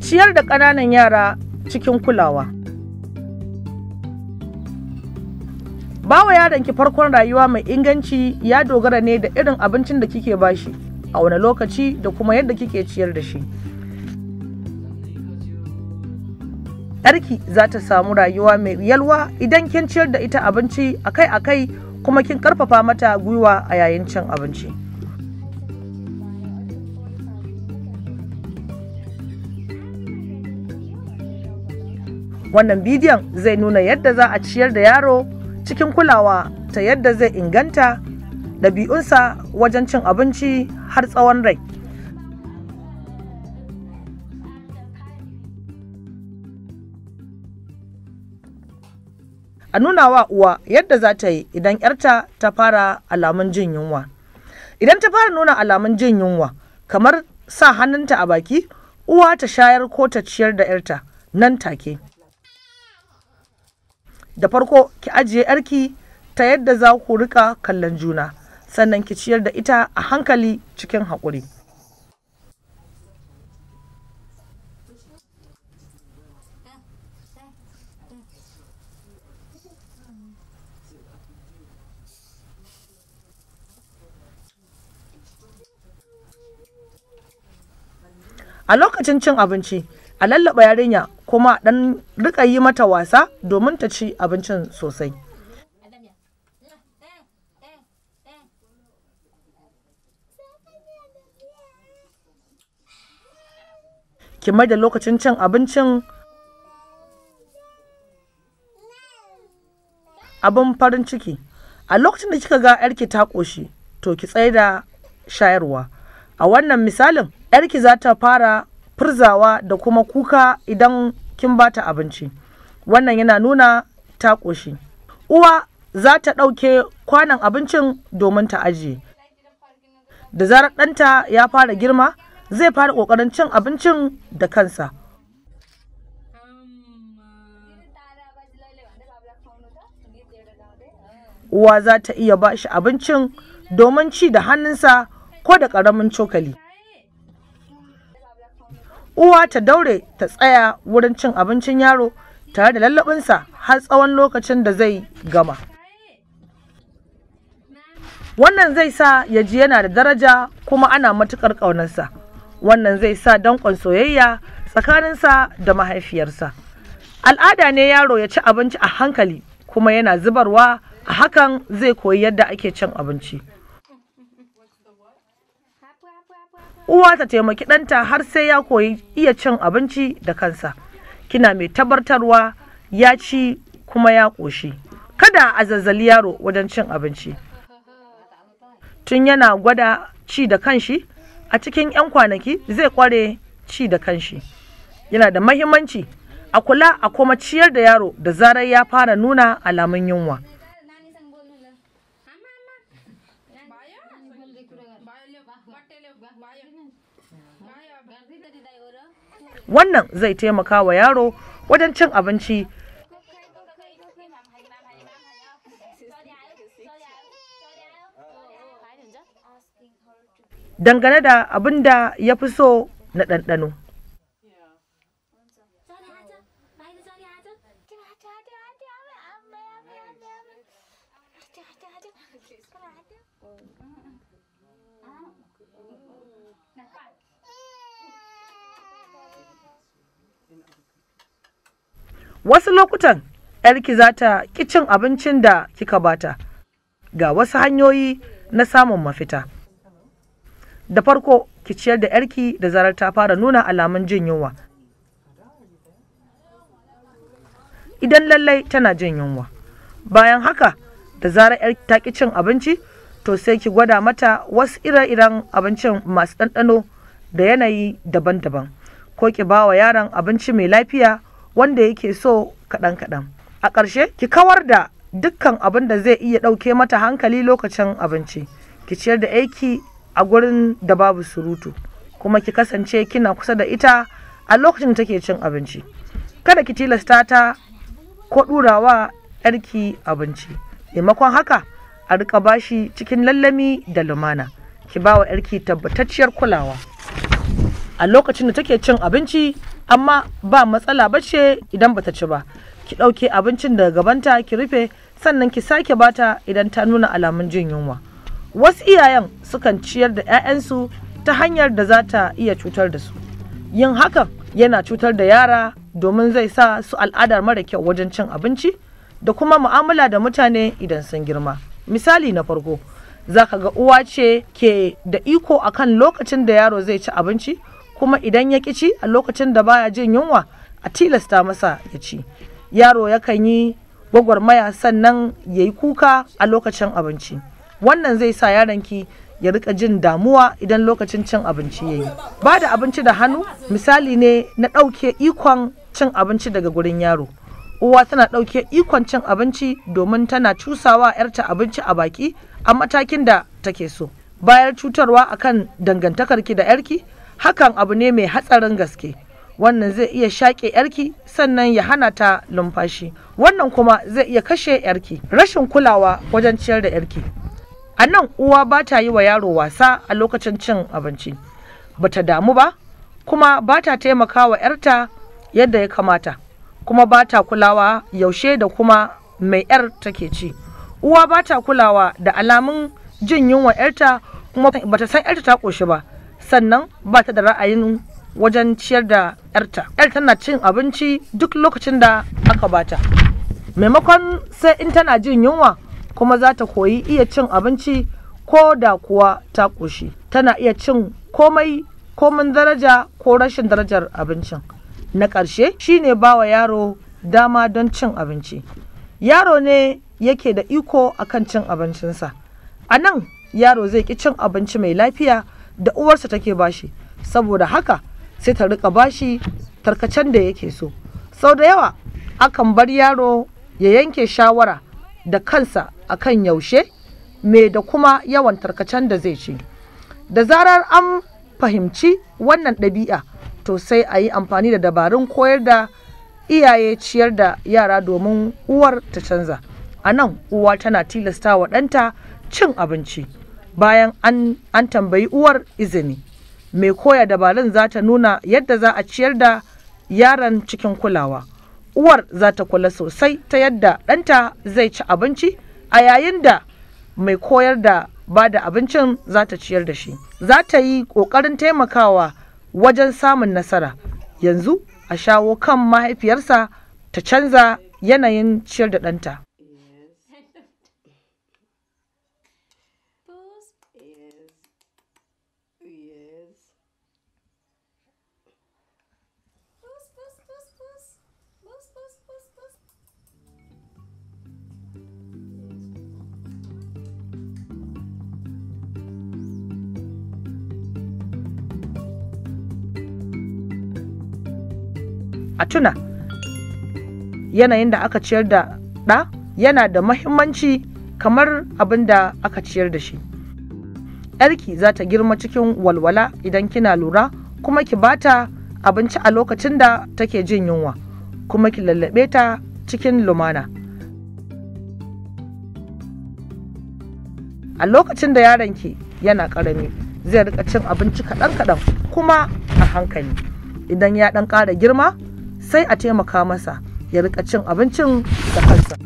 Ciyar da ƙananan yara cikin kulawa. Bawa ki farkon rayuwa mai inganci ya dogara ne da irin abincin da kike bashi a wani lokaci da kuma yadda kike ciyar da shi. yarki za ta samu rayuwa mai yalwa idan kin ciyar da ita abinci akai-akai kuma kin ƙarfafa mata gwiwa a yayin cin abinci. wannan bidiyon zai nuna yadda za a ciyar da yaro cikin kulawa ta yadda zai inganta ɗabi'unsa wajen cin abinci har tsawon rai a nuna wa uwa yadda za ta yi idan 'yarta ta fara alamun jin yunwa idan ta fara nuna alamun jin yunwa kamar sa hannunta a baki uwa ta shayar ko ta ciyar da 'yarta nan take da farko ki ajiye yarki ta yadda za ku rika kallon juna sannan ki ciyar da ita a hankali cikin haƙuri a lokacin cin abinci a lallaba yarinya kuma ɗan rika yi mata wasa domin ta ci abincin sosai ki mai da lokacin cin abincin abin farin ciki a lokacin da kika ga yarki ta koshi to ki tsaye da shayarwa a wannan misalin yarki za ta fara furzawa da kuma kuka idan kin ba ta abinci wannan yana nuna ta ƙoshi uwa za ta ɗauke kwanan abincin domin ta ajiye da zarar ɗanta ya fara girma zai fara ƙoƙarin cin abincin da kansa uwa za ta iya ba shi abincin domin ci da hannunsa ko da ƙaramin cokali uwa ta daure ta tsaya wurin cin abincin yaro tare da lallabinsa har tsawon lokacin da zai gama wannan zai sa ya ji yana da daraja kuma ana matuƙar ƙaunarsa wannan zai sa danƙon soyayya tsakaninsa da mahaifiyarsa al'ada ne yaro ya ci abinci a hankali kuma yana zubarwa a hakan zai koyi yadda ake cin abinci uwa ta taimaki ɗanta har sai ya koyi iya cin abinci da kansa kina mai tabbatarwa ya ci kuma ya ƙoshi kada a zazzali yaro wajen cin abinci tun yana gwada ci da kanshi a cikin 'yan kwanaki zai kware ci da kanshi yana da mahimmanci a kula a kuma ciyar da yaro da zarar ya fara nuna alamun yunwa Wannan zai taimaka wa yaro wajen cin abinci dangane da abin da ya fi so na ɗanɗano. wasu lokutan yarki za ta ki cin abincin da kika bata ga wasu hanyoyi na samun mafita da farko ki ciyar da yarki da zarar ta fara nuna alamun jin yunwa idan lallai tana jin yunwa bayan haka da zarar yarki ta ki cin abinci to sai ki gwada mata wasu ire-iren abincin masu ɗanɗano da yanayi daban-daban ko ki ba wa yaron abinci mai lafiya wanda yake so kaɗan kaɗan a ƙarshe ki kawar da dukkan abin da zai iya ɗauke mata hankali lokacin abinci ki ciyar da aiki a gurin da babu surutu kuma ki kasance kina kusa da ita a lokacin da take cin abinci kada ki tilasta ta ko ɗurawa yarki abinci maimakon haka a rika bashi cikin lallami da lumana ki ba wa yarki tabbatacciyar kulawa a lokacin da take cin abinci amma ba matsala ba ce idan bata ci ba ki ɗauke abincin daga gabanta ki rufe sannan ki sake bata idan ta nuna alamun jin yunwa wasu iyayen sukan ciyar da 'ya'yansu ta hanyar da za ta iya cutar da su yin hakan yana cutar da yara domin zai sa su al'adar mara kyau wajen cin abinci da kuma mu'amala da mutane idan sun girma misali na farko za ka ga uwa ce ke da iko akan lokacin da yaro zai ci abinci kuma idan ya ci a lokacin da baya jin yunwa a tilasta masa ya ci yaro yakan yi gwagwarmaya sannan ya yi kuka a lokacin abinci wannan zai sa yaron ki ya rika jin damuwa idan lokacin cin abinci ya yi ba da abinci da hannu misali ne na ɗauke ikon cin abinci daga gurin yaro uwa tana ɗauke ikon cin abinci domin tana cusawa 'yarta abinci a baki a matakin da take so bayar cutarwa akan dangantakarki da 'yarki hakan abu ne mai hatsarin gaske wannan zai iya shaƙe yarki sannan ya hana ta lumfashi wannan kuma zai iya kashe yarki rashin kulawa wajen ciyar da yarki a nan uwa ba ta yi wa yaro wasa a lokacin cin abinci ba ta damu ba kuma ba ta taimaka wa yarta yadda ya kamata kuma ba ta kulawa yaushe da kuma mai yar take ci uwa ba ta kulawa da alamun jin yunwa yarta kuma ba ta san yarta ta ƙoshi ba sannan ba ta da ra'ayin wajen ciyar da yarta yar tana cin abinci duk lokacin da aka bata maimakon sai in tana jin yunwa kuma za ta koyi iya cin abinci ko da kuwa ta ƙoshi tana iya cin komai komin daraja ko rashin darajar abincin na ƙarshe shine bawa yaro dama don cin abinci yaro ne yake da iko akan cin abincinsa a nan yaro zai ki cin abinci mai lafiya da uwarsa take bashi saboda haka sai ta rika bashi tarkacen da yake so sau da yawa akan bar yaro ya yanke shawara da kansa akan yaushe me da kuma yawan tarkacen da zai ci da zarar an fahimci wannan ɗabi'a to sai a yi amfani da dabarun koyar da iyaye ciyar da yara domin uwar ta canza a nan uwa tana tilasta wa ɗanta cin abinci bayan an tambayi uwar izini mai koya dabarun za ta nuna yadda za a ciyar da yaron cikin kulawa uwar za ta kula sosai ta yadda ɗanta zai ci abinci a yayin da mai koyar da ba da abincin za ta ciyar da shi za ta yi ƙoƙarin taimakawa wajen samun nasara yanzu a shawo kan mahaifiyarsa ta canza yanayin ciyar da ɗanta a tuna yanayin da aka ciyar da ɗa yana da mahimmanci kamar abin da aka ciyar da shi yarki za ta girma cikin walwala idan kina lura kuma ki ba ta abinci a lokacin da take jin yunwa kuma ki lallabe ta cikin lumana a lokacin da yaron ki yana ƙarami zai rika cin abinci kaɗan-kaɗan kuma a hankali idan ya ɗan ƙara girma sai a taimaka masa ya rika cin abincin da kansa